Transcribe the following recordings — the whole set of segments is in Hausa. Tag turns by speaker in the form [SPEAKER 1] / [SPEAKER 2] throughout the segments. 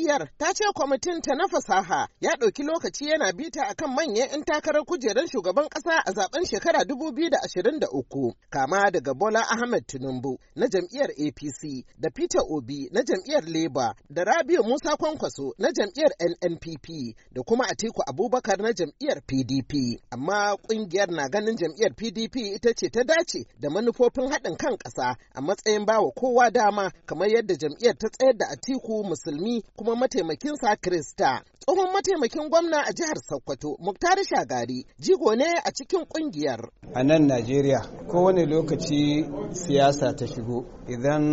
[SPEAKER 1] Ƙungiyar ta ce kwamitin ta na fasaha ya ɗauki lokaci yana bita a kan manyan 'yan takarar kujerar shugaban ƙasa a zaben shekara 2023 kama daga Bola Ahmed Tinubu na jam'iyyar APC da Peter Obi na jam'iyyar Labour da Rabiu Musa Kwankwaso na jam'iyyar NNPP da kuma Atiku Abubakar na jam'iyyar PDP. Amma ƙungiyar na ganin jam'iyyar PDP ita ce ta dace da manufofin haɗin kan ƙasa a matsayin bawa kowa dama kamar yadda jam'iyyar ta tsayar da Atiku musulmi kuma kuma mataimakinsa Krista. Tsohon mataimakin gwamna a jihar Sokoto, Muktar Shagari, jigo ne a cikin kungiyar.
[SPEAKER 2] A nan Najeriya, kowane lokaci siyasa ta shigo. Idan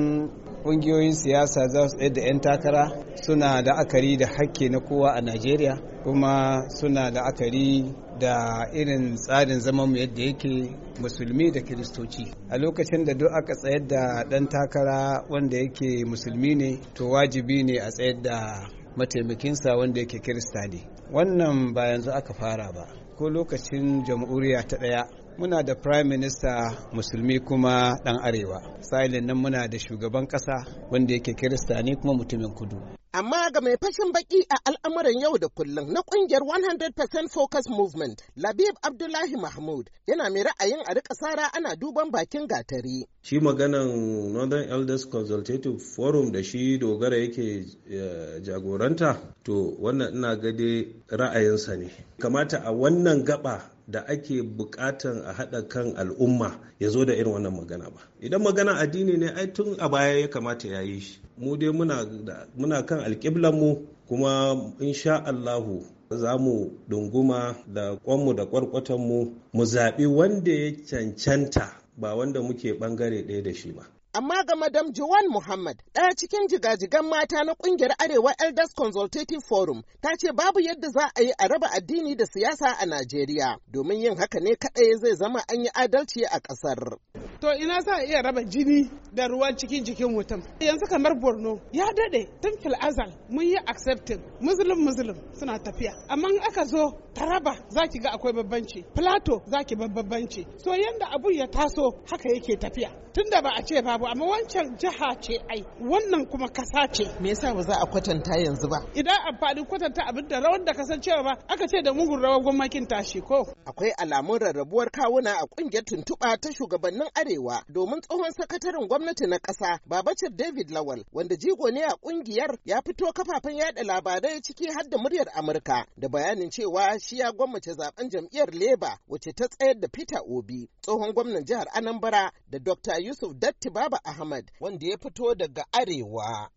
[SPEAKER 2] kungiyoyin siyasa za su tsaye da 'yan takara suna da akari da hakke na kowa a Najeriya. kuma suna la'akari da irin tsarin zamanmu yadda yake musulmi da kiristoci a lokacin da duk aka tsayar da ɗan takara wanda yake musulmi ne to wajibi ne a tsayar da mataimakinsa wanda yake kirista ne wannan ba yanzu aka fara ba ko lokacin jam'uriya ta ɗaya muna da prime minister musulmi kuma dan arewa sa'ilin nan muna da shugaban kasa wanda yake kirista kuma mutumin kudu
[SPEAKER 1] amma ga mai fashin baki a al'amuran yau da kullum na kungiyar 100% focus movement labib abdullahi mahmud yana mai ra'ayin a rika sara ana duban bakin gatari
[SPEAKER 3] shi maganan northern elders consultative forum da shi dogara yake eh, jagoranta to wannan ina gade ra'ayinsa ne kamata a wannan gaba da ake bukatan a haɗa kan al'umma ya zo da irin wannan magana ba idan magana addini ne ai tun a baya ya kamata ya yi shi mu dai muna kan alƙiblanmu kuma insha Allahu za mu dunguma da kwanmu da kwarkwatanmu mu zaɓi wanda ya cancanta ba wanda muke ɓangare ɗaya da shi ba
[SPEAKER 1] amma ga Madam Juwan Muhammad, ɗaya cikin jigajigan mata na ƙungiyar Arewa Elders Consultative Forum, ta ce babu yadda za a yi a raba addini da siyasa a Najeriya, domin yin haka ne kaɗai zai zama an yi adalci a ƙasar. To
[SPEAKER 4] ina za a iya raba jini da ruwan cikin jikin mutum yanzu kamar borno ya dade tun fil azal mun yi accepting muslim muslim suna tafiya amma aka zo taraba za ki ga akwai babbanci plato za ki babbanci so yanda abun ya taso haka yake tafiya tunda ba a ce babu amma wancan jiha ce ai wannan kuma kasa ce me yasa ba za a
[SPEAKER 1] kwatanta yanzu ba
[SPEAKER 4] idan amfanin kwatanta abin da rawar da kasancewa ba aka ce da mugun rawar gwamnatin tashi
[SPEAKER 1] ko akwai alamun rarrabuwar kawuna a kungiyar tuntuɓa ta shugabannin arewa domin tsohon sakataren gwamnati gwamnati na ƙasa Babacir David Lawal wanda jigo ne a ƙungiyar ya fito kafafen yada labarai ciki har da muryar Amurka da bayanin cewa shi ya gwammace zaben jam'iyyar Leba wacce ta tsayar da Peter Obi tsohon gwamnan jihar Anambra da Dr. Yusuf Datti Baba Ahmad wanda ya fito daga Arewa.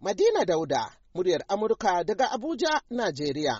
[SPEAKER 1] Madina Dauda, muryar Amurka daga Abuja, Najeriya.